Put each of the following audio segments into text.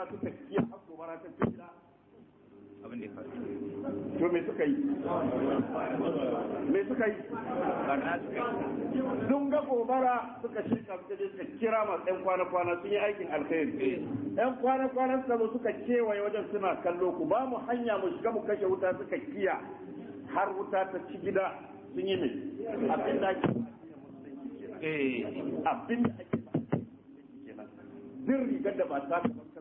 gobara suka yi har gobara ta fi gida abin da ya faru to me suka yi me suka yi barna suka yi sun ga gobara suka shirka suka je suka kira masu ɗan kwana-kwana sun yi aikin alkhairi ɗan kwana-kwana suka zo suka kewaye wajen suna kallo ku ba mu hanya mu shiga mu kashe wuta suka kiya har wuta ta ci gida sun yi ne abin da ake eh. abin da ake zin rigar da ba ta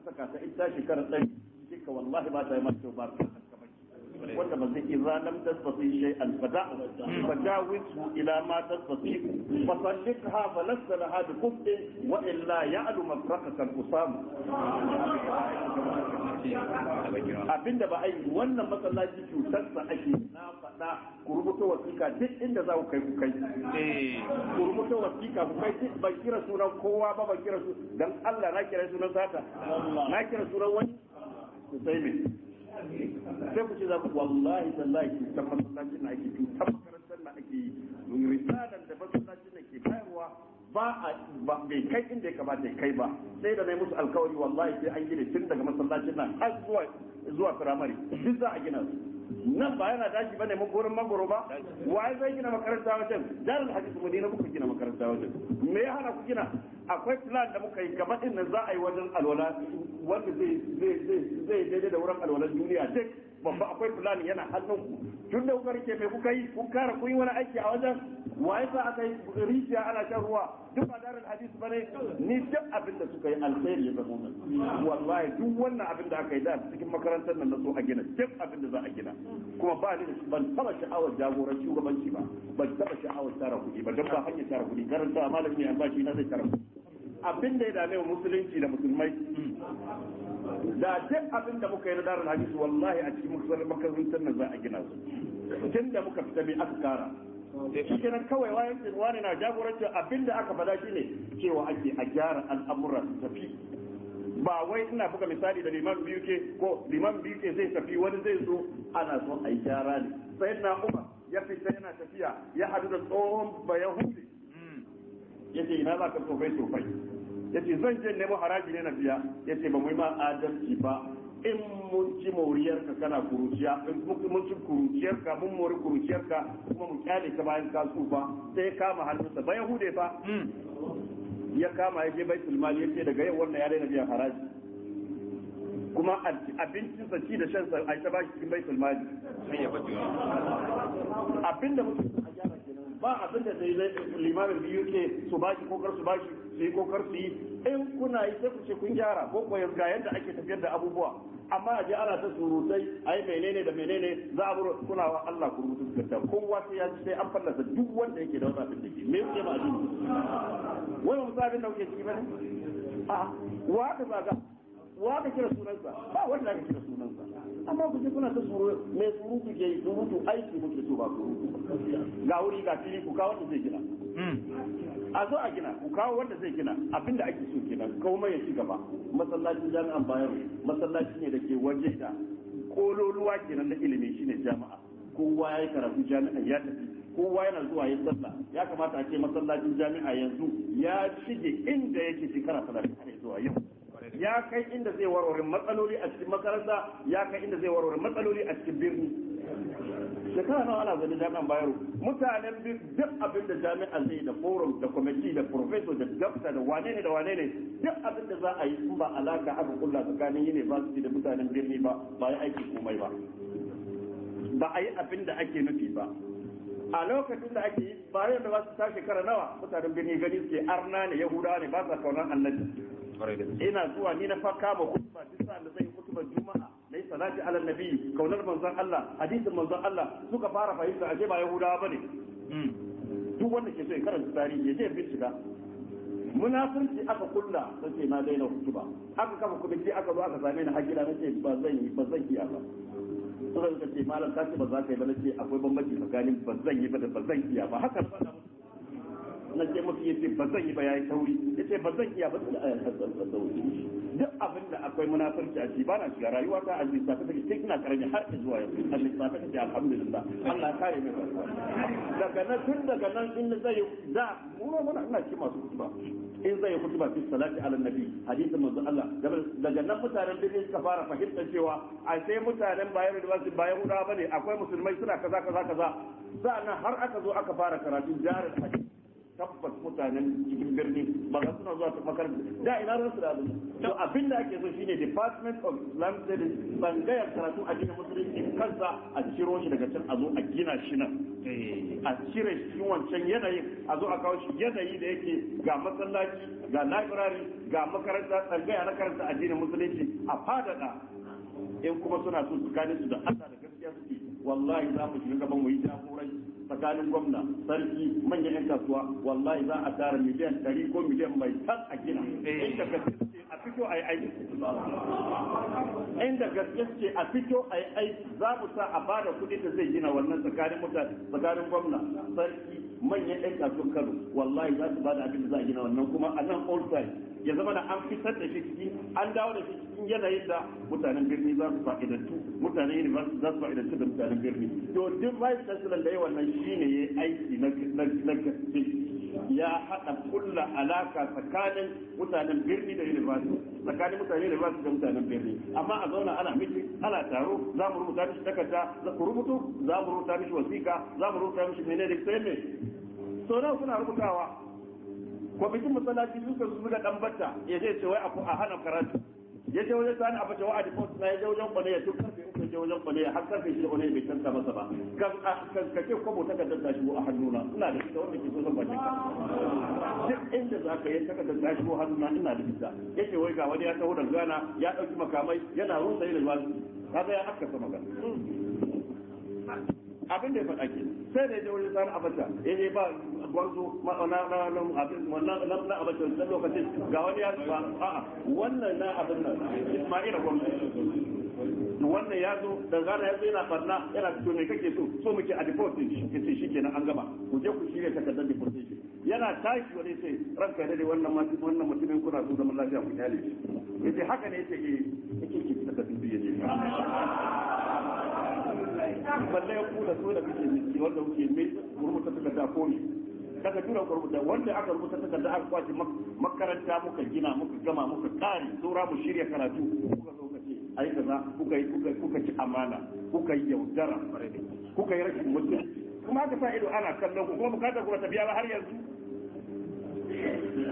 saka ta ita shekarar ɗari duka wallahi ba ta yi mata kyau ba wanda ba zai da lam alfada. Alfada fada fadawithu ila ma tasfi fasallikha falasta laha hadu kufri wa illa ya'lu mafrakaka al-usam abinda ba ai wannan masallaci cutar sa ake na fada ku rubuta wasiƙa duk inda za ku kai ku kai ku rubuta wasiƙa ku kai duk ban kira sunan kowa ba ban kira su dan Allah na kira sunan sata na kira sunan wani sai mai sai ku ce za ku wallahi tallahi ki san masallacin na ake ta makarantar na ake yi risalar da masallacin na ke bayarwa ba a ba bai kai inda ya kamata ya kai ba sai da na musu alkawari wallahi sai an gina tun daga masallacin na har zuwa zuwa firamare duk za a gina su nan ba yana tashi bane ne gurin magoro ba wai zai gina makaranta wajen su hadis madina kuka gina makaranta wajen me ya hana ku gina akwai plan da muka yi gaba din za a yi wajen alwala wanda zai zai daidai da wurin alwalan duniya duk babba akwai plan yana hannun ku tun da kuka rike me kuka yi kun kara kun yi wani aiki a wajen wai sa aka yi rijiya ana shan ruwa duk ba darul ba ne ni duk abin da suka yi alkhairi ya zama mun wallahi duk wannan abin da aka yi da cikin makarantar nan na so a gina duk abin da za a gina kuma ba ni ban taba sha'awar jagoran shugabanci ba ban taba sha'awar tara kuɗi ba don ba hanyar tara kuɗi karanta malami ne albashi na zai tara abin da ya dame wa musulunci da musulmai da duk abin da muka yi na darul hadis wallahi a cikin makarantar nan za a gina su tun da muka fita mai aka kara da eh, shi kenan kawai wayan wani na jagoranci abinda aka faɗa ne cewa ake a gyara al'amuran tafi ba wai ina buga misali da liman biyu ke ko liman biyu ke zai tafi wani zai zo ana so a yi gyara ne sai na umar ya fita yana tafiya ya hadu da tsohon Ya ce ina za ka tsofai tsofai ce zan je nemo haraji ne na biya Ya ce ba mu yi ma adalci ba in mun ci mawuriyarka kana kuruciya in mun ci kuruciyarka mun mori kuruciyarka kuma mu kyale ta bayan ka tsufa sai ya kama hannunsa ba yahude fa hmm. ya kama ya je baitul ya ce daga yau wannan ya daina biyan haraji kuma abincin sa ci da shan sa a ta bashi cikin baitul mali abinda mutum ba abinda da limamin biyu ke su bashi ko kar su bashi su yi ko kar su yi in kuna yi sai ku ce kun gyara ko ko ga yadda ake tafiyar da abubuwa amma a je ana ta surutai a yi menene da menene za a buru kuna wa Allah ku rubutu gaskiya kowa sai ya sai an fallasa duk wanda yake da wata abin da ke me yake ba duk wai mu sabin da kuke ciki bane a wa ka zaga wa ka kira sunansa ba wanda ka kira sunansa amma ku je kuna ta suru me surutu ke surutu aiki muke so ba surutu ga wuri ga fili ku kawo wanda zai gina Mm. a zo a gina ku kawo wanda zai gina abinda ake so kenan kawo ya ci gaba masallacin jami'an bayan masallaci ne da ke waje da kololuwa kenan na ilimi shine jama'a kowa ya yi karatu jami'a ya tafi kowa yana zuwa yin sallah ya kamata a ce masallacin jami'a yanzu ya shige inda yake shekara talatin har zuwa yau ya kai inda zai warware matsaloli a cikin makaranta ya kai inda zai warware matsaloli a cikin birni shekara nawa ana zaune jami'an bayero mutanen duk abin da jami'an zai da forum da kwamiti da professor da dokta da wane ne da wane ne duk abin da za a yi in ba alaka aka kulla tsakanin yi ne ba su da mutanen birni ba ba yi aiki komai ba ba a yi abin da ake nufi ba a lokacin da ake yi ba da ba su ta shekara nawa mutanen birni gani suke arna ne yahudawa ne ba sa kaunar annabi ina zuwa ni na fa kama kuma duk sa'an da zai kutuba juma'a salati ala nabi kaunar manzon Allah hadisin manzon Allah suka fara fahimta ashe ba yahudawa bane hmm. duk wanda ke so ya karanta tarihi ya je ya bincika munafurci aka kulla sai na daina hutuba aka kafa kwamiti aka zo aka same ni hakila nace ba zan yi ba zan iya ba ka ce malam ka ce ba za ka yi ba nace akwai bambanci tsakanin ba zan yi ba da ba zan yi ba haka ba na ce mafi yace ba zan yi ba yayi tauri yace ba zan iya ba tauri duk abin da akwai munafurci a ciki ba na shiga rayuwa ta aziz ta take kina ina har har zuwa yau aziz ta take alhamdulillah Allah kare mu daga nan tun daga nan in zai da mu muna ina ci masu ba in zai kutuba fi salati ala nabi hadisi manzo Allah daga nan mutanen birni suka fara fahimtar cewa a sai mutanen bayan da basu bayan hudawa bane akwai musulmai suna kaza kaza kaza na har aka zo aka fara karatu jarin hadisi tabbas mutanen cikin birni ba za suna zuwa ta makaranta da ina ran su da abin to abin da ake so shine department of islamic studies bangayar karatu addinin musulunci kansa a ciro shi daga can a zo a gina shi nan eh. a cire shi wancan yanayin a zo a kawo shi yanayi da yake ga masallaci ga library ga makaranta tsangaya na karanta addinin musulunci a fadada in kuma suna so su gane su da Allah da gaskiya suke wallahi za mu shiga gaban mu yi jagoranci tsakanin gwamna sarki manyan yan kasuwa wallahi za a tara miliyan ɗari ko miliyan mai tan a gina eh. inda gaske a fito a yi ce a fito a yi aiki za mu sa a bada kuɗi da zai gina wannan tsakanin mutane tsakanin gwamna sarki manyan ɗan kasuwar kano wallahi za su bada abin da za a gina wannan kuma a nan old time ya zama da an fitar da shi cikin an dawo da shi cikin yanayin da mutanen birni za su fa'idantu mutanen university za su fa'idantu da mutanen birni to duk vice chancellor da yawan nan shine yi aiki na ya hada kulla alaka tsakanin mutanen birni da university tsakanin mutanen university da mutanen birni amma a zauna ana miki ana taro za mu rubuta mishi takarda za ku rubutu za mu rubuta mishi wasika za mu rubuta mishi menene sai me so nawa suna rubutawa kwamitin masallaci suka su ga dan batta ya ce wai a hana karatu ya je wajen sani a bace wa'adi post na ya je wajen bane ya tukar je wajen kwane har karfe shi kwale bai tanka masa ba ah, kan ka ce kwabo takardar ta shigo a hannuna ina da ita wanda ke so zan bace ka duk inda za ka yi takardar ta a hannuna ina da ita yake wai ga wani ya taho da gana ya dauki makamai yana rusa yin ka ga ya aka sama gana abin da ya faɗa ke sai da ya wajen sani abacha ya je ba gwarzo na abata da lokacin ga wani ya zuba a'a wannan na abin nan ismaila gwamnati wannan ya zo da zara ya zo yana barna yana to ne kake so so muke a default din shi kace an gama ku je ku shirya takardar deportation yana tashi wani sai ranka da wannan wannan mutumin kuna so zaman lafiya ku kyale shi yace haka ne yace eh yake ki da ya ne balle ku da so da kuke miki wanda kuke mai rubuta takarda ko ne daga tura da wanda aka rubuta takarda aka kwace makaranta muka gina muka gama muka kare saura mu shirya karatu ai kaza kuka yi kuka kuka ci amana kuka yi yaudara kuka yi rashin mutunci kuma haka sa ido ana kallon ku kuma bukatar ku tafiya ba har yanzu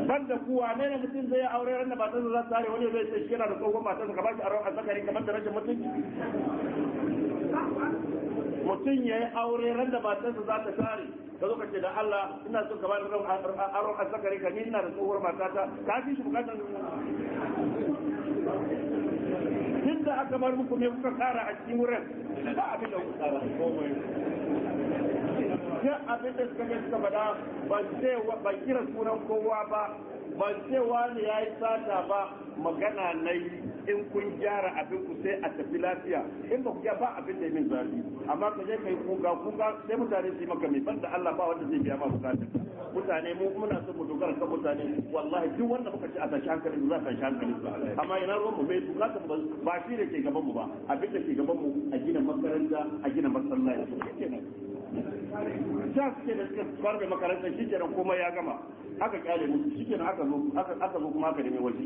banda kuwa ne na mutum zai aure ran da matan za ta tare wani zai ce shi yana da tsohon matan ka ba shi aron azzakari kamar da rashin mutunci mutum ya yi aure ran da matarsa za ta tare ka zo ka ce da Allah ina son ka ba da aron azzakari ka ni ina da tsohuwar matata ka fi shi bukatar za a kamar muku ne kuka kara a cikin wurin ba abin da kuka kara ya abin da suka mai suka faɗa ban ce ban kira sunan kowa ba ban ce ne ya yi sata ba magana na yi in kun gyara abin ku sai a tafi lafiya in ba ku ya ba abin da ya min zafi amma ka je ka yi kuka kuka sai mutane su yi maka mai ban da Allah ba wanda zai biya ma bukatar ka. mutane mu muna son mu dogara kan mutane wallahi duk wanda muka ci a tashi hankali za ta hankali amma ina ruwan mu mai duka kan ba shi da ke gaban mu ba abin da ke gaban mu a gina makaranta a gina masallaci kenan da suke da suka mai makaranta shi kenan kuma ya gama aka kyale mu shi kenan aka zo aka zo kuma aka nemi waje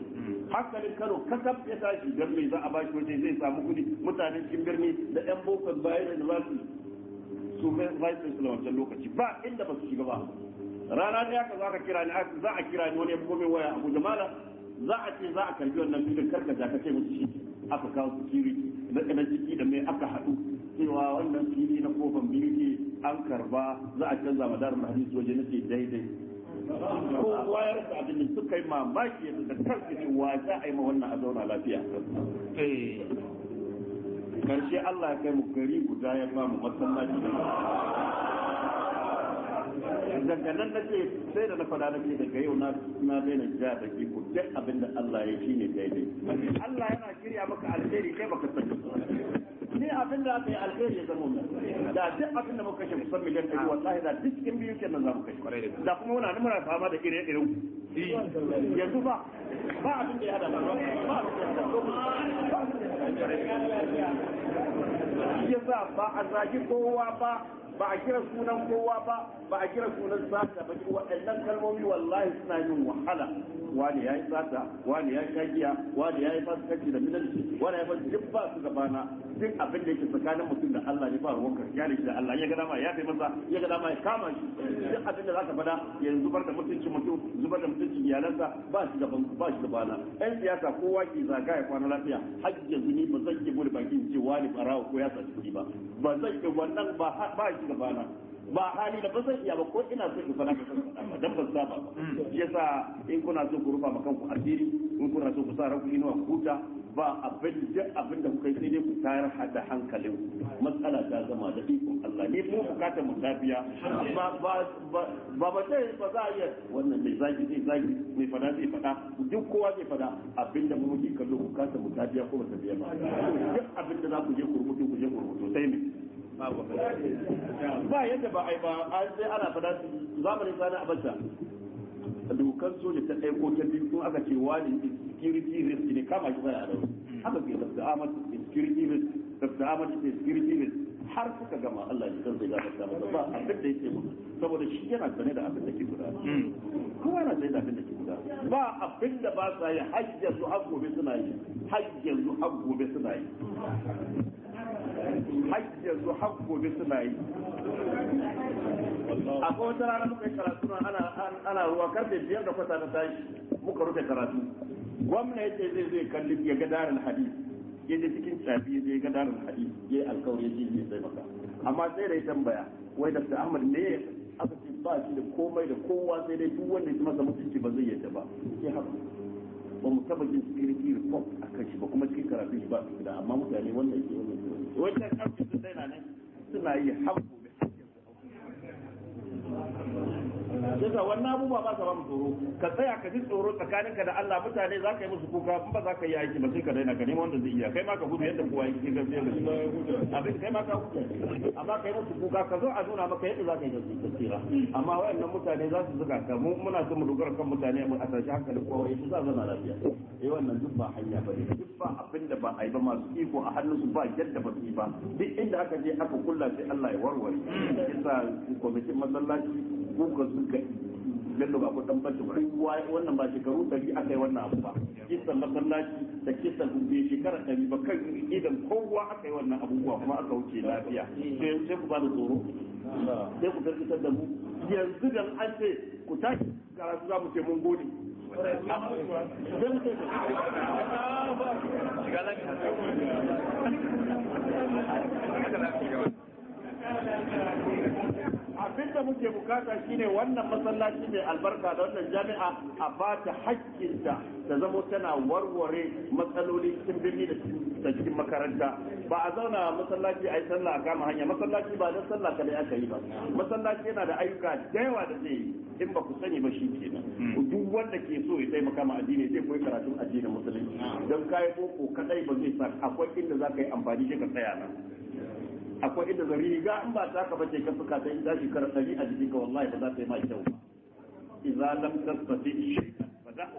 hankalin kano kasab ya tashi don mai za a ba shi waje zai samu kudi mutane cikin birni da yan bokan bayan da za su su vice a wancan lokaci ba inda ba su shiga ba rana ne aka za ka kira ni za a kira ni wani waya waya abu jamala za a ce za a karbi wannan bidin karka ka ce musu shi aka kawo security na kanan ciki da mai aka haɗu cewa wannan fili na kofan birki an karba za a canza ma darul waje nake daidai ko wayar da abin da suka yi mamaki yanzu da kansu ne wa za a yi ma wannan a zauna lafiya eh. karshe Allah ya kai mu gari guda ya ba mu masallaci dangane na ce sai da na faɗa da ke daga yau na daina ja da ke ku duk abin da Allah ya shi ne daidai Allah yana shirya maka alheri kai baka sani ni abin da aka yi alheri ya zama mu da duk abin da muka kashe kusan miliyan ɗari wallahi da duk in biyu kenan za mu kashe da kuma muna nan muna fama da ire irin yanzu ba ba abin da ya hada ba ba abin da ya hada ba abin da ya hada ba a ya kowa ba ba a kira sunan kowa ba ba a kira sunan sata ba waɗannan kalmomi wallahi suna yin wahala wani yayi sata wani ya kagiya wani yayi fasikanci da minanci wani ya fasikanci duk ba su gabana duk abin da yake tsakanin mutum da Allah ne ba ruwan ya ne da Allah ya ga dama ya kai masa ya ga dama ya kama shi duk abin da zaka fada yanzu zubar da mutunci mutum zubar da mutunci iyalansa ba shi gaban ba shi bana ɗan siyasa kowa ke zaga ya kwana lafiya hajji yanzu ni ba zan ke bude bakin ce wani barawa ko ya sa ciki ba ba zan ke wannan ba ba shi gabana ba hali da ba iya ba ko ina son in fara da ba dan ba saba ba hmm. yasa in kuna so ku rufa makan ku asiri in kuna so ku sa ranku inuwa kuta ba abin da abin da kuka yi sai dai ku tayar hada hankalin matsala ta zama da ikon Allah ni mu bukatar mu lafiya ba ba ba ba sai ba za a iya wannan mai zagi zai zagi mai fada zai fada duk kowa zai fada abin da muke kallo bukatar mu lafiya ko ba ta biya ba duk abin da za ku je ku rubutu ku je ku rubutu sai ne ba yadda ba yi ba sai ana fada zamanin sani abacha dokar soja ta ɗaya ko ta biyu kun aka ce wani security risk ne kama shi zai adawa haka ke tafsa amat security risk tafsa amat security risk har suka gama Allah ya san zai gafarta masa ba abin da yake musu saboda shi yana sane da abin da ke guda hmm. Kuma yana sane da abin da ke guda ba abin da ba sa yi har yanzu har gobe suna yi har yanzu har gobe suna yi har yanzu har gobe suna yi akwai wata rana muka yi karatu ana ruwa karfe biyar da kwata na tashi muka rufe karatu gwamna yace zai zai kalli ya ga darin hadisi ya je cikin tafi zai ga darin hadis ya yi alkawari ya ji zai maka amma sai da ya tambaya wai dr ahmad ne aka ce ba shi da komai da kowa sai dai duk wanda ya masa mutunci ba zai yadda ba ya haka ba mu taba jin security report a kan shi ba kuma cikin karatun shi ba da amma mutane wannan yake wannan ke wannan kamfin su sai na nan suna yi haƙƙo yasa wannan abubuwa ba sa ba mu tsoro ka tsaya ka ji tsoro tsakaninka da Allah mutane za ka yi musu kuka in ba za ka yi aiki ba sai ka daina ka nema wanda zai iya kai ma ka gudu yadda kowa yake ga zai abin kai ma ka gudu amma kai musu kuka ka zo a nuna maka yadda za ka yi gaskiya amma wayannan mutane za su zuga ka mu muna son mu dogara kan mutane mu a tashi hankalin kowa yake za zama lafiya eh wannan duk ba hanya ba ne duk ba abin da ba a yi ba masu iko a hannunsu ba yadda ba su yi ba duk inda aka je aka kulla sai Allah ya warware yasa kwamitin masallaci sun ga bello ba ku tambaci ba wai wannan ba shekaru ɗari aka yi wannan abu ba kisan masallaci da kisan bai shekara ɗari ba kan idan kowa aka yi wannan abubuwa kuma aka wuce lafiya sai ku ba da tsoro sai ku karkatar da mu yanzu dan an ce ku tashi karatu za mu ce mun gode Thank you. da muke bukata shine wannan masallaci mai albarka da wannan jami'a a ba ta haƙƙinta da zama tana warware matsaloli cikin birni da cikin makaranta ba a zauna masallaci a yi sallah a kama hanya masallaci ba don sallah kadai aka yi ba masallaci yana da ayyuka da yawa da zai yi in ba ku sani ba shi kenan hmm. duk wanda ke so ya taimaka ma addini zai koyi karatun addinin musulunci hmm. don kayi boko kadai ba zai sa akwai inda za ka yi amfani shi ka tsaya nan akwai inda da riga in ba ta kaba ce ka fuka ta ita shekara ɗari a jikinka wallahi ba za ta yi ma kyau ba. Iza lam tasfati shekara fata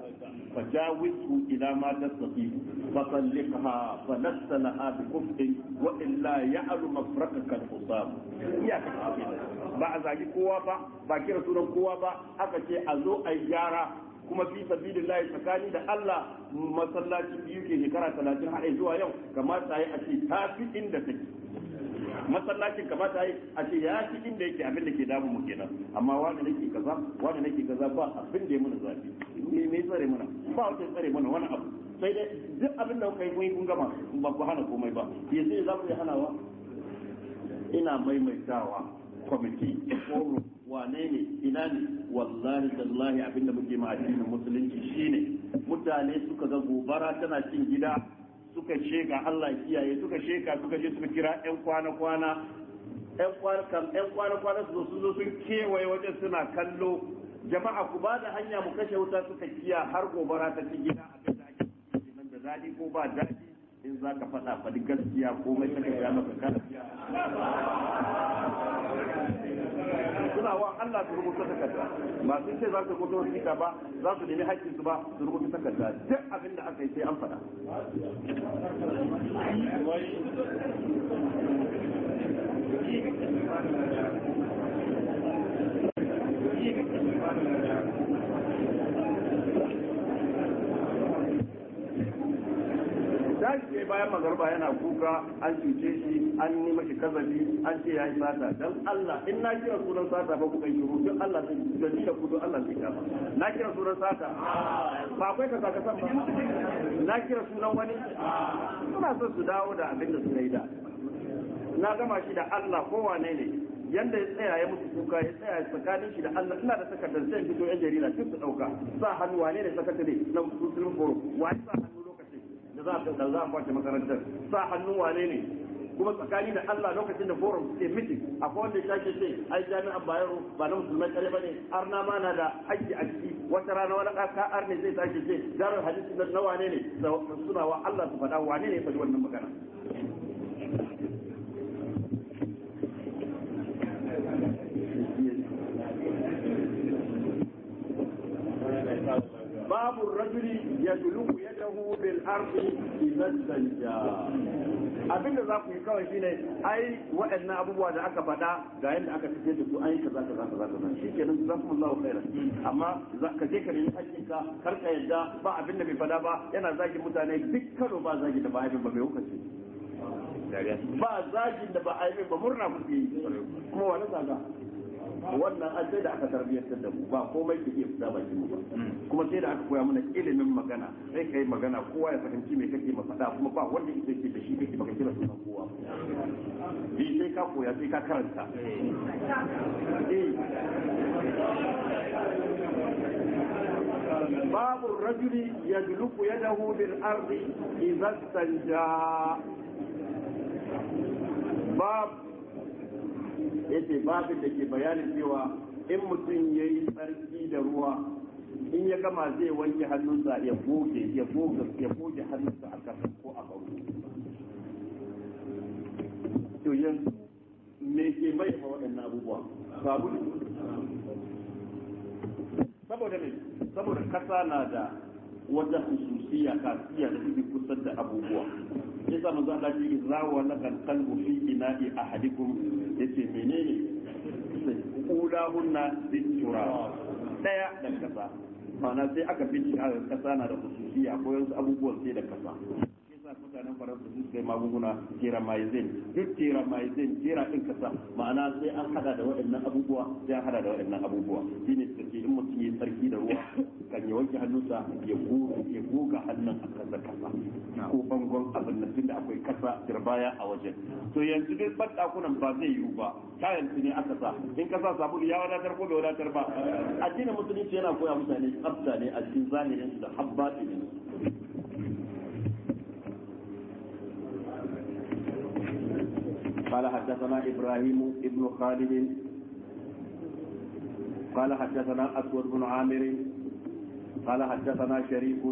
fata wisu ila ma tasfati fasallika fa nassala ha bi kufin wa illa ya aru mafraka kan kusam. Iya ka kafin ba a zagi kowa ba ba kira sunan kowa ba aka ce a zo a yi gyara kuma fi sabidin layi tsakani da Allah masallaci biyu ke shekara talatin har zuwa yau kamar ta yi a ce ta fi inda take. masallacin kamata yi a ce ya fi inda yake abin da ke damu mu kenan amma wani nake kaza wani nake kaza ba abin da ya mana zafi me me tsare mana ba wata tsare mana wani abu sai dai duk abin da kuka yi kun kun gama ba ku hana komai ba yanzu za ku yi hanawa ina maimaitawa kwamiti forum wane ne ina ne wallahi tallahi abin da muke ma musulunci shine mutane suka ga gobara tana cin gida suka sheka Allah kiyaye suka sheka suka je suka kira ƴan kwana-kwana ƴan kwana-kwana su sun zo sun kewaye wajen suna kallo jama'a ku bada hanya mu kashe wuta suka kiya har gobara ta ci gida a kan da ake nan da daɗi ko ba daɗi in za ka faɗa faɗi gaskiya komai ta ka ya ka suna wa Allah su rubuta takarda masu ce za su rubuta wasiƙa ba za su nemi haƙƙin su ba su rubuta takarda duk abin da aka yi sai an faɗa Thank you. bayan magarba yana kuka an cuce shi an yi mashi kazali an ce ya yi sata dan Allah in na kira sunan sata ba ku kan shiru rufin Allah sun da ni da kudu Allah sun kama na kira sunan sata ba akwai kasa kasan ba na kira sunan wani suna son su dawo da abin da suka yi da na gama shi da Allah kowane ne yanda ya tsaya ya musu kuka ya tsaya tsakanin shi da Allah ina da takardar sai fito yan jarida duk su dauka sa hannu wane ne sakatare na musulun forum wani sa hannu da za a za a kwace makarantar sa hannun wane ne kuma tsakani da Allah lokacin da forum suke mitin akwai wanda ya ce ai jami'an Bayero ba na musulmai kare bane arna ma na da haji a ciki wata rana wani ƙasa arne zai tashi ce jarar hadisi na wane ne suna wa Allah su faɗa wane ne ya faɗi wannan magana ya dulu ya tahu bil ardi بمثل abin da za ku yi kawai shine ai waɗannan abubuwa da aka faɗa ga yadda aka tafiye da ku ai kaza kaza kaza kaza shikenan Allahu khaira amma ka je ka nemi hakkin ka kar ka yadda ba abin da bai faɗa ba yana zagi mutane duk karo ba zagi da ba ai ba mai hukunci ba zagin da ba ai ba murna kuke yi kuma wani zaga wannan an sai da aka tarbiyyar da mu ba komai ke iya fita bakin mu ba hmm. kuma sai da aka koya mana ilimin magana sai kai magana kowa ya fahimci me kake ma faɗa kuma ba wanda yake ce da shi kake baka kira sunan kowa bi sai ka koya sai ka karanta eh. babu rajuli ya باب ya dahu bil بالأرض إذا استنجى باب yace babin da ke bayanin cewa in mutum ya yi tsarki da ruwa in ya gama zai wanke hannunsa ya goge ya goge ya goge hannunsa a kasa ko a bauta to yanzu me ke mai ma waɗannan abubuwa sabulu saboda ne saboda kasa na da wata hususiya kafiya da take kusa da abubuwa yasa manzo Allah ya za wa lakal qalbu fi ina'i ahadikum yace menene kula hunna bitura daya da kasa ma'ana sai aka bincika kasa na da khususiya ko yanzu abubuwan sai da kasa ana nan faransa su kai magunguna tiramizin duk tiramizin tira din kasa ma'ana sai an hada da waɗannan abubuwa sai an hada da waɗannan abubuwa shi ne sarki in mutum yi sarki da ruwa kan ya wanke hannunsa ya goga hannun a kasa kasa ko bangon abin tun da akwai kasa dirbaya a wajen to yanzu dai ban dakunan ba zai yiwu ba kayan su ne aka sa in kasa sabulu ya wadatar ko bai wadatar ba addinin musulunci yana koya mutane tsafta ne a cikin zahirin su da habbatin قال حدثنا إبراهيم بن خالد قال حدثنا أسود بن عامر قال حدثنا شريك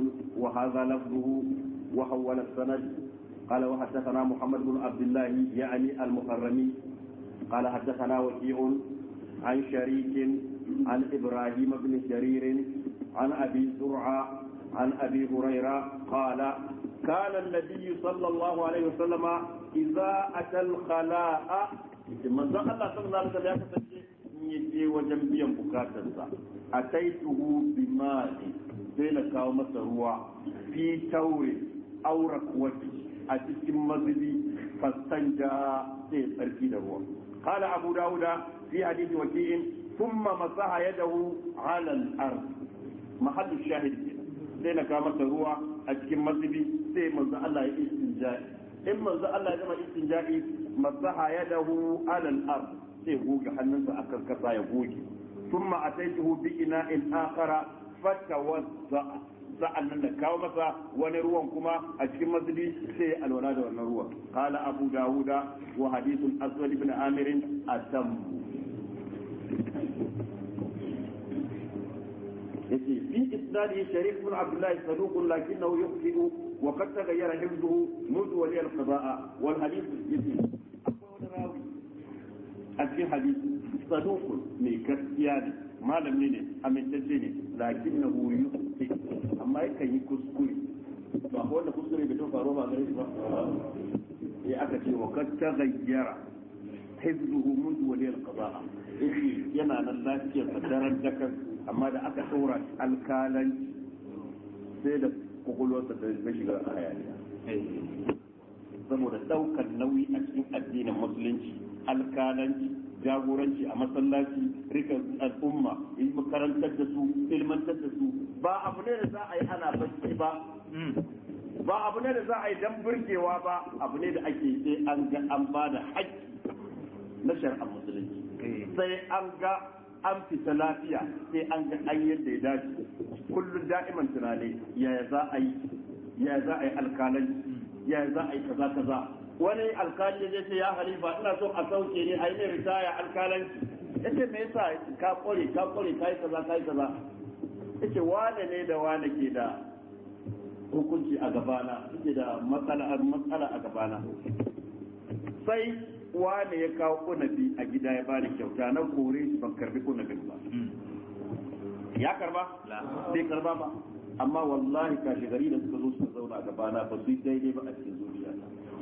وهذا لفظه وحول السند قال وحدثنا محمد بن عبد الله يعني المحرمي قال حدثنا وكيع عن شريك عن إبراهيم بن شرير عن أبي زرعة عن أبي هريرة قال قال النبي صلى الله عليه وسلم إذا أتى الخلاء من ذا الله صلى الله عليه وسلم يجي وجنبيا بكاتا أتيته بماء بين كاومة روى في تور أو ركوة أتيت مزبي فاستنجى سيد روى قال أبو داود في حديث وكيع ثم مسح يده على الأرض محل الشاهد sai na kawo masa ruwa a cikin mazubi sai manzo Allah ya istinja'i in manzo Allah ya gama istinja'i masaha dahu alal ard sai goge hannunsa kan kasa ya goge thumma ataituhu bi ina'in akhara fatawadda sa'an nan da kawo masa wani ruwan kuma a cikin masjidi sai alwala da wannan ruwan qala abu dawuda wa hadithul aswad ibn amirin atam يتي في إسناده شريف بن عبد الله صدوق لكنه يخطئ وقد تغير حفظه منذ ولي القضاء والحديث يتي أكي حديث صدوق من كسيان ما لم نيني أمن تجيني لكنه يخطئ أما يكي كسكري فهو أن كسكري بدون فاروما غير ya aka ce wa kad taghayyara hizbuhu mundu waliyal qada'a yana nan lafiyar daren dakan amma da aka tsora alkalan sai da kwakwalwarsa da zai shiga a hayaniya saboda ɗaukar nauyi a cikin addinin musulunci alkalanci jagoranci a masallaci rika al'umma karantar da su ilmantar da su ba abu ne da za a yi ana bakki ba ba abu ne da za a yi dan burgewa ba abu ne da ake sai an ga an ba da haƙƙi na shari'ar musulunci sai an ga an fita lafiya sai an ga an yadda ya dace kullum da'iman tunani yaya za a yi ya za a yi alkalan ya za a yi kaza kaza wani alkali ya ce ya halifa ina so a sauke ne a yi mai ritaya alkalanci yace me yasa ka kore ka kore kai kaza kai kaza yace wane ne da wane ke da hukunci a gabana yake da matsala a gabana sai wane ya kawo kunabi a gida ya bani kyauta na kore shi ban karbi kunabi ba ya karba bai karba ba amma wallahi kashi gari da suka zo suka zauna a gabana ba su daidai ba a cikin zuciya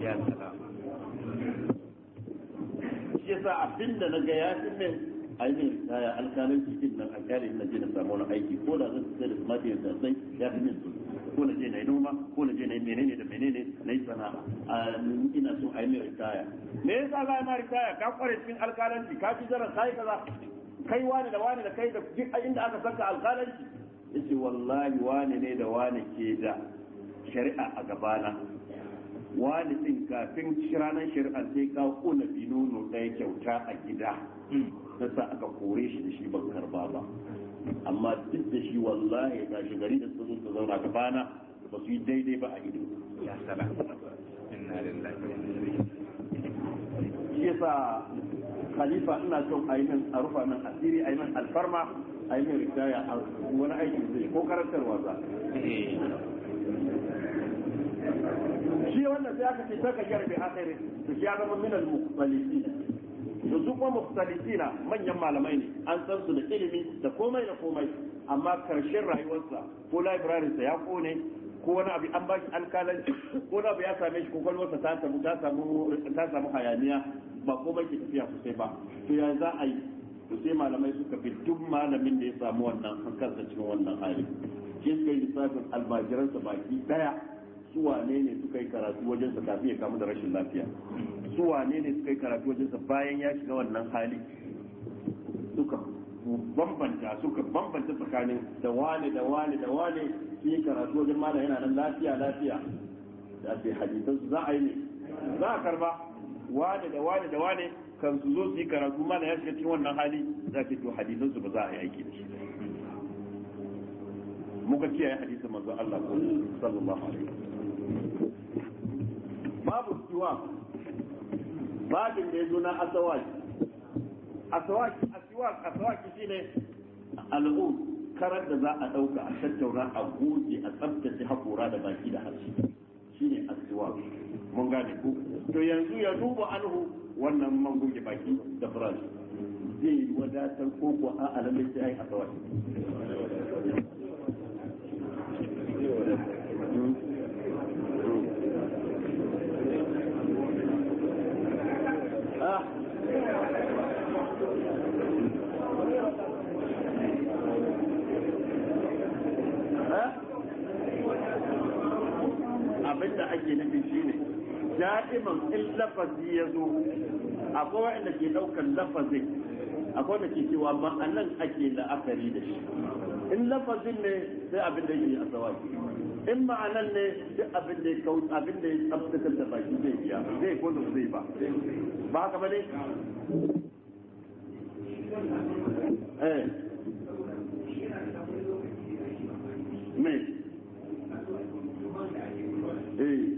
ya salama shi yasa abinda na ga ya fi mai ainihin ritaya alkalin cikin nan a kyale na je na samu wani aiki ko da zan fita da tumatir da sai ya fi min su ko na je na yi noma ko na je na yi menene da menene na yi sana'a ina so a yi mai ritaya me yasa za a yi ma ritaya ka kware cikin alkalanci ka ci zarar sai kaza kai wani da wani da kai da duk inda aka saka alkalanci yace wallahi wani ne da wani ke da shari'a a gabana wani din kafin ranar shari'a sai ka kuna binono ɗaya kyauta a gida nasa hmm. aka kore shi da shi ban karba ba amma duk da shi wallahi ga shi gari da su zo su zauna ka bana ba su yi daidai ba a ido ya salam inna lillahi wa inna yasa khalifa ina son ainihin a rufa nan asiri ainihin alfarma ainihin ritaya a wani aiki zai ko karantarwa za eh. shi wannan sai aka ce saka yarbi akhirin to shi ya zama minal muqbalin to su kuma mukhtalifina manyan malamai ne an san su da ilimi da komai da komai amma karshen rayuwarsa ko library sa ya kone ko wani abu an bashi alkalanci ko wani abu ya same shi kwakwalwarsa ta samu ta samu ta samu hayaniya ba komai ke tafiya sosai ba to ya za a yi to sai malamai suka bi duk malamin da ya samu wannan kansa cikin wannan hali shi suka yi lissafin almajiransa baki daya su wane ne suka yi karatu wajen sa kafin ya kamu da rashin lafiya su wane ne suka yi karatu wajen sa bayan ya shiga wannan hali suka bambanta suka bambanta tsakanin da wane da wane da wane su yi karatu wajen malam yana nan lafiya lafiya da sai hadisan su za a yi ne za a karba wane da wane da wane kan su zo su yi karatu malam ya shiga cikin wannan hali za ke to hadisan su ba za a yi aiki da shi muka kiyaye hadisin manzon Allah sallallahu alaihi wasallam babu siwa babin da ya zo na asawaki asawaki asiwak asawaki shine karar da za a ɗauka a tattauna a goge a tsabtace haƙora da baki da harshe shine asiwak mun gane ku? to yanzu ya duba anhu wannan man goge baki da farashi zai wadatar ko ko a alamin sai ai asawaki da'iman in lafazi ya zo akwai wa'anda ke ɗaukar lafazin akwai wanda ke cewa ma'anan ake la'akari da shi in lafazin ne sai abin da yake a zawaki in ma'anan ne duk abin da ya abin da ya tsabtatar da baki zai biya zai ko da zai ba ba haka ba ne eh eh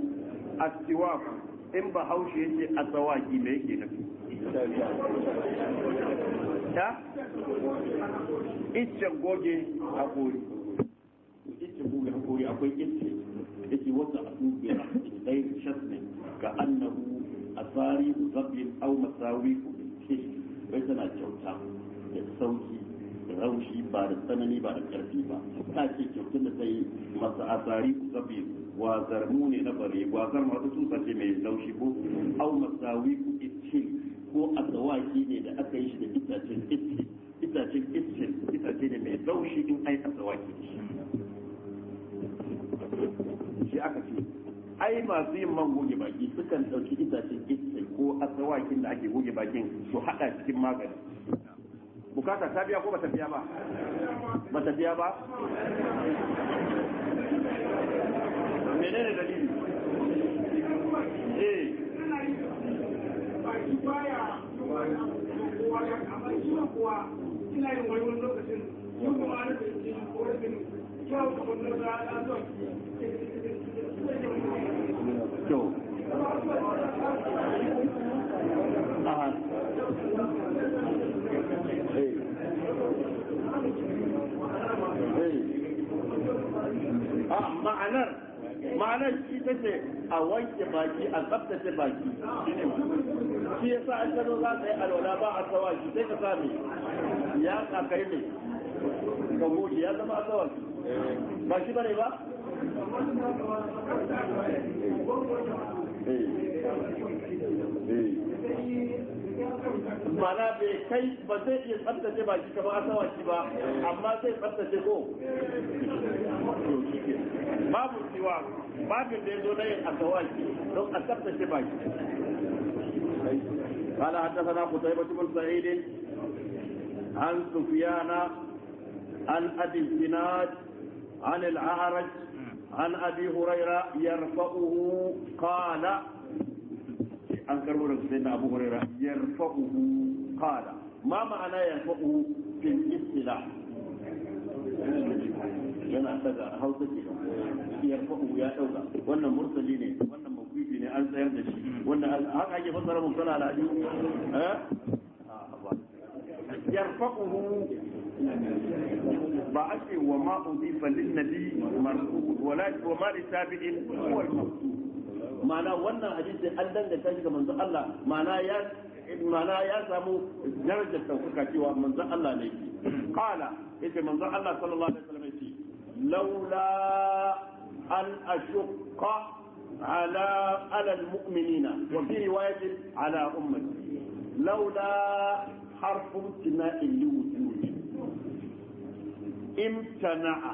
asiwak in ba haushe yake a tsawaki me yake nufi ta iccen goge a kori iccen goge a kori akwai icce yake wata a dubiya in dai shasne ga annahu asari zabbin au masawi ko shi bai tana kyauta da sauki raushi ba da tsanani ba da karfi ba ta ce kyautun da ta yi masu asari sabi wa zarmu ne na bare wazar masu sun sarfe mai laushi ko au masawi ku iccin ko a tsawaki ne da aka yi shi da itacen iccin itacen itace ne mai laushi in ai a tsawaki shi aka ce ai masu yin man goge baki sukan ɗauki itacen iccin ko a tsawakin da ake goge bakin su haɗa cikin magani bukata ta biya ko ba ta ba ba ta biya ba ma'anar ta ce a wanke baki a tsabtace baki shi ya sa an gano za ka yi alwala ba a tsawa shi sai ka sami ya kakai ne ka goge ya zama a tsawa ba shi bane ba eh. eh. mana bai kai ba zai iya tsabtace baki kamar asawaki ba amma zai tsabtace ko babu siwa babin da ya لو na yin قال حدثنا قتيبة بن سعيد عن سفيان عن ابي الزناد عن العرج عن ابي هريره يرفعه قال انكر سيدنا ابو هريره يرفعه قال ما معنى يرفعه في الاصطلاح yana daga hausa ke iyar fa'u ya dauka wannan mursali ne wannan mawqifi ne an tsayar da shi wannan haka ake fassara mursala ala al'adu? eh ah, yarfa'uhu ba ake wa ma udifa lin nabi marfu wala wa ma li tabi'in huwa al ma'ana wannan hadisi an danganta shi ga manzon Allah ma'ana ya ma'ana ya samu darajar ɗaukaka cewa manzon Allah ne qala yace manzon Allah sallallahu alaihi wasallam yace laula an ashqa ala ala almu'minina wa fi riwayatin ala ummati laula harfu tina'in liwujud imtana'a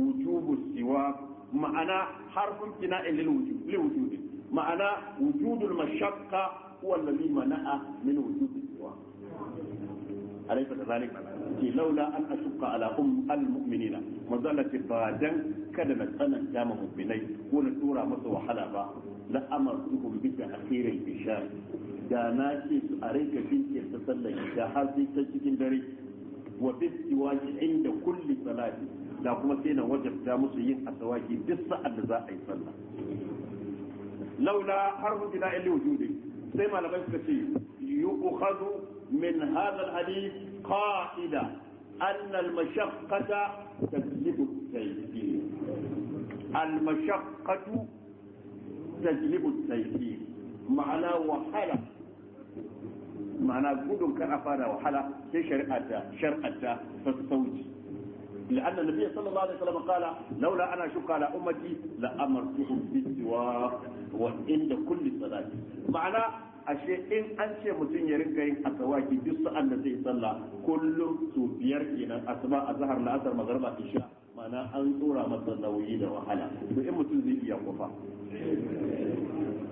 wujubu siwak ma'ana har mun fina'a ya na le ma'ana wajudul ma shakka kowanne ni mana a yana wajudu zuwa. a laifata laula an asubka alaƙum al'amu na. matsalaci bawa dan kada na tsana damar muminai ko na tura masa wahala ba. na amata sun gumbisa a kiran da na ke su ari gajiya ta tsallaka ta har sai ta cikin dare. wa bifti wajen da kulli salati da kuma sai na wajabta musu yin asawaki duk sa'ad da za a yi sallah laula harfu ila illi wujudi sai malamai suka ce yu'khadhu min hadha alhadith qa'ida أن المشقة تجلب التيسير المشقة تجلب التيسير معنى وحلة ma'ana gudun kan a fara wahala sai shari'ata shari'ata لأن النبي صلى الله عليه وسلم قال لولا أنا أشك على أمتي لأمرتهم بالسواك وعند كل صلاة معنى ashe in an ce mutum ya rinka yin asawaki duk sa'an da zai sallah kullum su biyar kenan asuba azhar la asar magharba isha ma'ana an tsora masa nauyi da wahala to in mutum zai iya kufa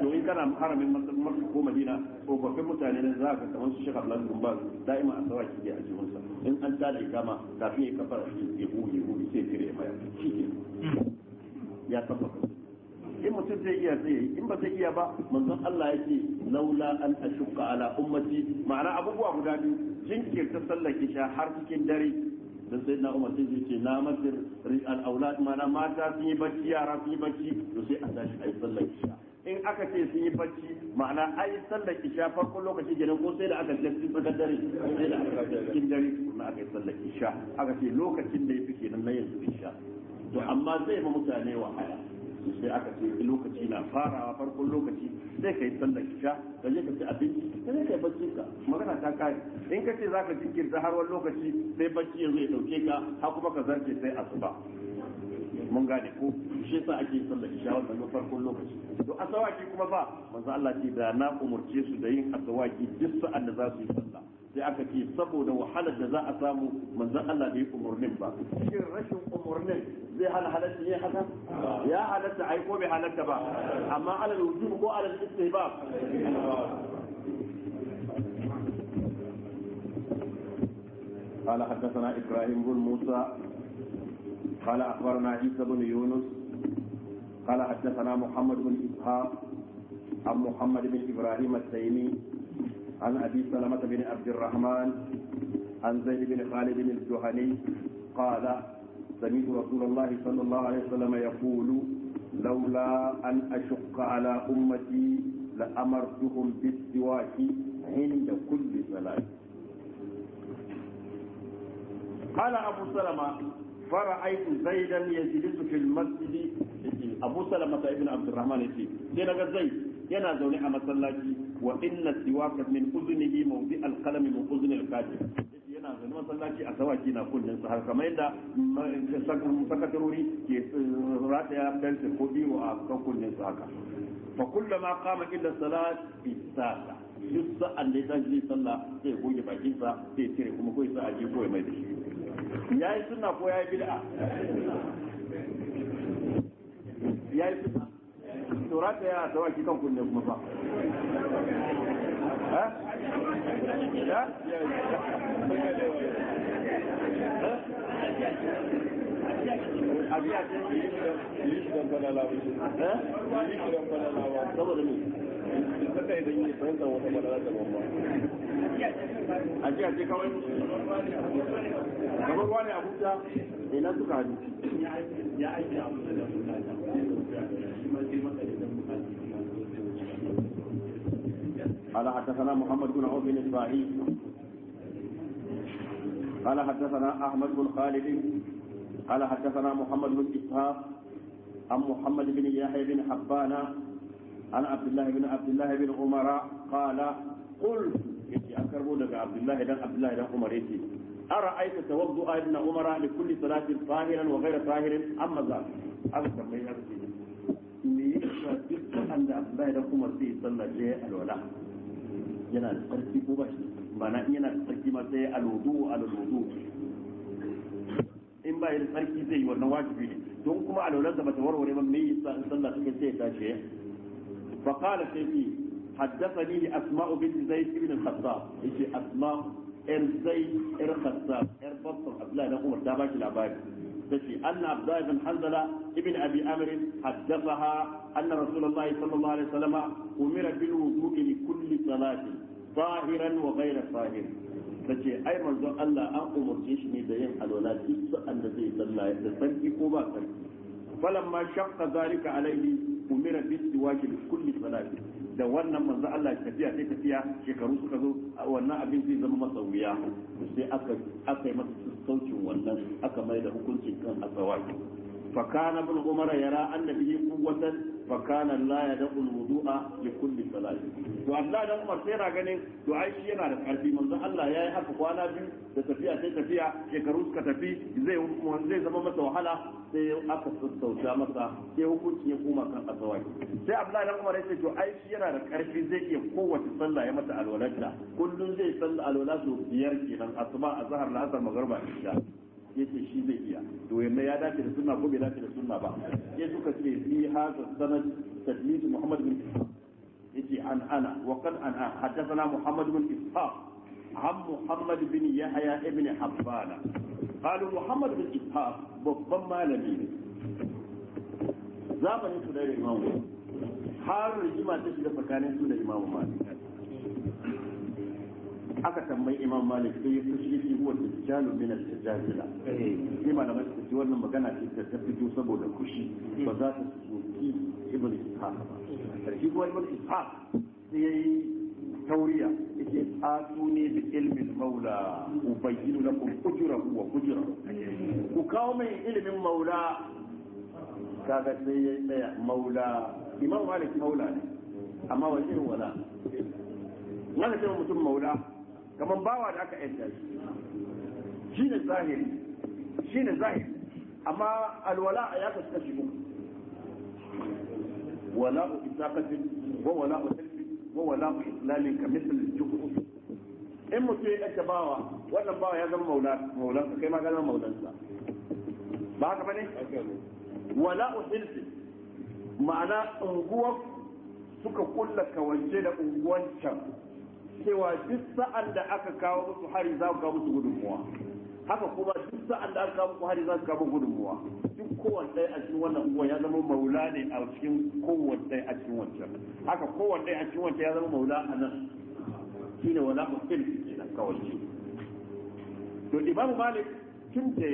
koyi kana haramin masu ko madina ko tsofaffin mutane ne za ka kamar su shekar lan gumba da'ima a tsawaki ke a jikinsa in an tada kama kafin ya kafara shi ya huye huye sai kire ya maya shi ke ya tabbata in mutum zai iya zai yi in ba zai iya ba manzon Allah ya ce laula an ashqa ala ummati ma'ana abubuwa guda biyu jinkirta sallar isha har cikin dare da sai na umar sai ce na masir al aulad ma'ana mata sun yi bacci yara sun yi bacci to sai a tashi yi sallar isha in aka ce sun yi bacci ma'ana ai sallar isha farko lokaci kenan ko sai da aka ce sun tsakar dare sai da aka cikin dare kuma aka yi sallar isha aka ce lokacin da ya fi kenan na yanzu isha to amma zai ma mutane wahala sai aka ce lokaci na farawa farkon lokaci sai ka yi sallar isha ka je ka ci abinci ka je ka yi bacci ka magana ta kare in ka ce za ka jinkirta har wani lokaci sai bacci ya zai dauke ka har kuma ka zarce sai asuba mun gane ko shi yasa ake sallar isha wannan farkon lokaci to asawaki kuma ba manzo Allah ce da na umurce su da yin asawaki duk sa'an da za su yi sallah sai aka ce saboda wahalar da za a samu manzo Allah bai umurnin ba shin rashin umurnin zai hana halatta ne haka ya halatta ai ko bai halatta ba amma alal wujub ko alal istihbab قال حدثنا ابراهيم بن موسى قال أخبرنا عيسى بن يونس قال حدثنا محمد بن إسحاق عن محمد بن إبراهيم التيمي عن أبي سلمة بن عبد الرحمن عن زيد بن خالد الجهني قال سمعت رسول الله صلى الله عليه وسلم يقول لولا أن أشق على أمتي لأمرتهم بالسواك عند كل صلاة قال أبو سلمة فرأيت زيدا يجلس في المسجد أبو سلمة بن عبد الرحمن يجي سينا زيد ينا زوني حما سلاجي وإن السواك من أذنه موضع القلم من أذن الكاتب ينا زوني حما سلاجي أسواكي نقول ننصحر كما يدى مسكتروني كي آه، رات يا أبدال سيخوبي وأبدال ننصحر فكلما قام في الصلاة بساسة يسأل لتجلي صلى سيخوي بأجيسة سيخوي بأجيسة سيخوي بأجيسة ya yi suna ko ya yi bid'a ya yi suna tura ta yana dawaki kan kunne kuma ba Abi a cikin yi shirin kwanalawa, yi shirin kwanalawa, saboda ne, قال حدثنا محمد بن عوف بن اسماعيل قال حدثنا احمد بن خالد قال حدثنا محمد بن اسحاق عن محمد بن يحيى بن حبانه عن عبد bin بن عبد umara qala عمر قال an karbo daga abdullahi dan الله بن عبد الله بن عمر يجي umara li kulli salatin tahiran wa tahirin amma za aka tambaye aka ce me da abdullahi dan umar a sallah yana da tsarki ko ba shi ma in ba da tsarki zai yi wannan wajibi don kuma a alwalar da bata warware ba me yasa in sallah take sai ta ce فقال سيدي حدثني أسماء بنت زيد بن الخطاب يجي أسماء إر زيد إر خطاب إر بطر عبد الله بن عمر تابعك العباد تجي أن عبد الله بن حنظلة ابن أبي أمر حدثها أن رسول الله صلى الله عليه وسلم أمر بالوضوء لكل صلاة طاهرا وغير طاهر ta ce ai manzon Allah an umarce shi ne da yin alwala duk sa'an da zai sallah da sarki ko ba sarki falamma shaqqa zalika alaihi umira bi siwaki li kulli salati da wannan manzo Allah tafiya sai tafiya shekaru suka zo wannan abin zai zama masa wuya sai aka aka yi masa saukin wannan aka mai da hukuncin kan asawaki fa kana ibn umara yara annabi quwwatan fakana la ya da'ul wudu'a li to Allah dan Umar sai na ganin to ai shi yana da karfi manzo Allah ya yi haka kwana biyu da tafiya sai tafiya shekaru suka tafi zai zai zama masa wahala sai aka sassauta masa sai hukunci ya koma kan asawaki sai Abdullahi dan Umar yace to ai shi yana da karfi zai iya kowace sallah ya mata alwalata kullun zai sallah alwala biyar kenan asuba azhar la'asar magriba isha ya ce shi zai iya to yanda ya dace da sunna ko bai dace da sunna ba sai suka ce fi hadha sanad tadlis muhammad bin yace an ana wa qad an hadathana muhammad bin ishaq عن محمد بن يحيى ابن حبان قالوا محمد بن إسحاق babban malami ne zamanin su da imamu har rigima ta shiga tsakanin su da imamu malik aka tambayi imam malik sai ya fushi shi huwa tijjalu min al-tajjala eh. sai malamai suka ji wannan magana ce da tafi ju saboda kushi ba za ta soki ibn ishaq ba shi kuma ibn ishaq sai yayi tauriya yake ne bi ilmin maula ubayyinu lakum ujrahu wa kujura. ku kawo mai ilmin maula kaga sai ya tsaya maula imam malik maula ne amma wani wala wala wanda ce mutum maula kamar bawa da aka yanta shi shi ne zahiri shi ne zahiri amma alwala ya kasu kashi uku wala'u isaqatin wa wala'u salfi wa wala'u islalin ka misali juku in mutum ya yanta bawa wannan bawa ya zama maulansa kai ma ka zama maulansa ba haka wala ku salfi ma'ana unguwar suka kulla kawance da unguwan can cewa duk sa'an da aka kawo musu hari za ku kawo musu gudunmuwa haka kuma duk sa'an da aka kawo musu hari za ku kawo gudunmuwa duk kowanne ɗaya a cikin wannan uwa ya zama maula ne a cikin kowanne ɗaya a cikin wancan haka kowanne ɗaya a cikin wancan ya zama maula a nan shine wala mutum kenan kawai to imamu malik tun da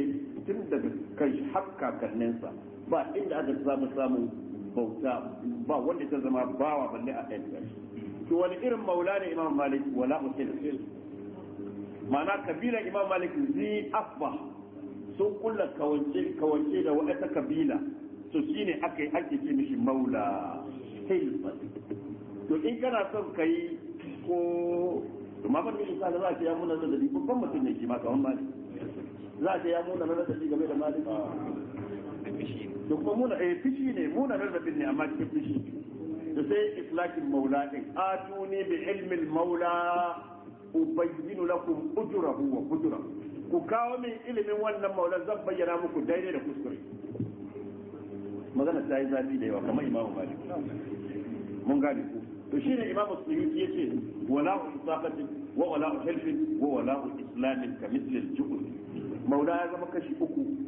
tun daga kai har kakanninsa ba inda aka samu samun bauta ba wanda ta zama bawa balle a ɗan to wani irin maula ne imam malik wala usil ma'ana kabila imam malik zi asba sun kulla kawance kawance da wata kabila to shine aka yi ake ce mishi maula hilfa to in kana son kai ko to ma ban misali za ka ya muna da dadi babban mutum ne shi ma kawan malik za ka ya muna da dadi game da malik ah, to kuma muna eh fishi ne muna da dadi ne amma cikin fishi da sai islakin maula din atuni bi ilmin maula ubayyinu lakum ujrahu wa kudra ku kawo min ilimin wannan maula zan bayyana muku daidai da kuskure magana ta yi zafi da yawa kamar imamu malik mun gane ku to shine imamu suyuti yace wala usaqati wa wala hilfi wa wala islamin ka mithl al-juhl maula ya zama kashi uku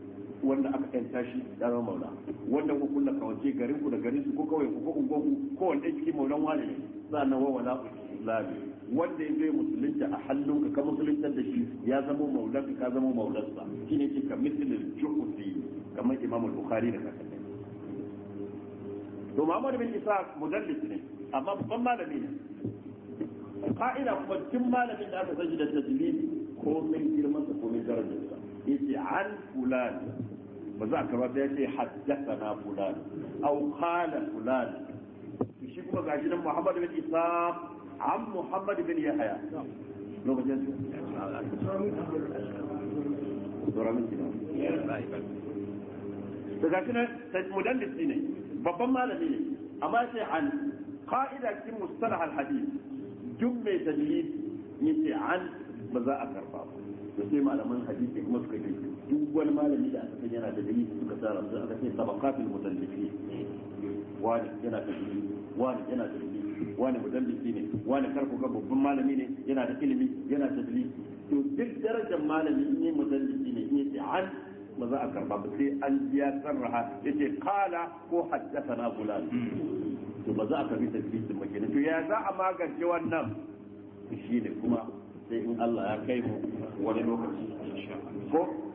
wanda aka yanta tashi ya zama maula wanda ku kulla kawance garin ku da garin su ko kawai ku ko ungo ku ko wanda yake maulan wani ne sannan wa wala islami wanda ya bai musulunta a hannun ka ka musulunta da shi ya zama maulan ka zama maulan sa shine ke ka mislil juhusi kamar imam al-bukhari da kasa to Muhammad bin Isa mudallis ne amma babban malami ne ka'ida kuma duk malamin da aka sani da ko komai girman sa komai darajar sa yace an fulani ba za ka ba sai ya ce haddathana fulan aw qala fulan shi kuma gashi nan Muhammad bin Isa an Muhammad bin Yahya lokacin tsoron da gashi nan mudallis ne babban malami ne amma sai an ka'ida cikin mustalah al-hadith duk mai tajwid yace an ba za a karba ba sai malaman hadisi kuma suka yi duk wani malami da aka san yana da dalili suka tsara su aka ce tabaqatul mutallifi wani yana da dalili wani yana da dalili wani mutallifi ne wani karko ga babban malami ne yana da ilimi yana da dalili to duk darajar malami ne mutallifi ne in yi an ba za a karba ba sai an biya sarraha yace kala ko na fulan to ba za a karbi tasbihin ba kenan to ya za a magance wannan shi ne kuma sai in Allah ya kai mu wani lokaci ko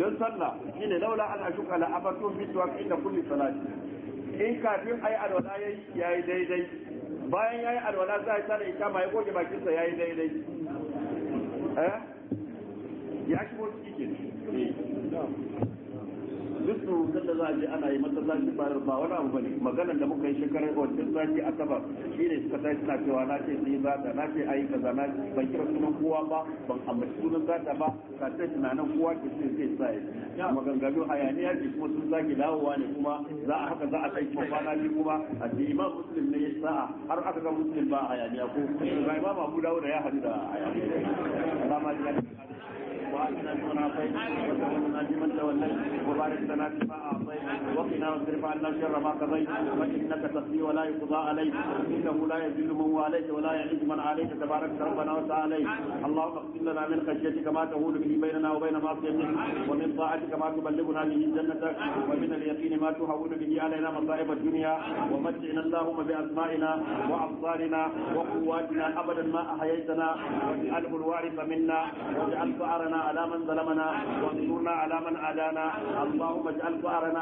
don sallah shine laula an ashuka la abatu bi tuwaqi da kulli salati in kafin ayi alwala yayi yayi daidai bayan yayi alwala za ta da ita ya goge bakin sa yayi daidai eh ya shi mutu duk da da za a je ana yi masallaci ba ba wani abu bane maganar da muka yi shekarar wancan sati shi ne suka tashi suna cewa na ce sai zata na ce ayi kaza na ban kira sunan kowa ba ban ambaci sunan zata ba ka ta tunanin kowa ke sai sai sai maganganu hayaniya ce kuma sun zaki dawowa ne kuma za a haka za a kai kuma kwana biyu kuma a ce imam muslim ne ya sa'a har aka ga muslim ba hayaniya ko ba ma abu dawo da ya hadu da hayaniya وآتنا بمن عافيت وتولنا بمن توليت وبارك لنا في أعطيت وقنا واصرف عنا شر ما قضيت فانك تقضي ولا يقضى عليك انه لا يذل من هو عليك ولا يعز من عليك تبارك ربنا وتعالى اللهم اقسم لنا من خشيتك ما تهول به بيننا وبين معصيتك ومن طاعتك ما تبلغنا به جنتك ومن اليقين ما تهون به علينا مصائب الدنيا ومتعنا اللهم باسمائنا وابصارنا وقواتنا ابدا ما احييتنا واجعله الوارث منا واجعل فارنا على من ظلمنا وانصرنا على من عادانا اللهم اجعل فارنا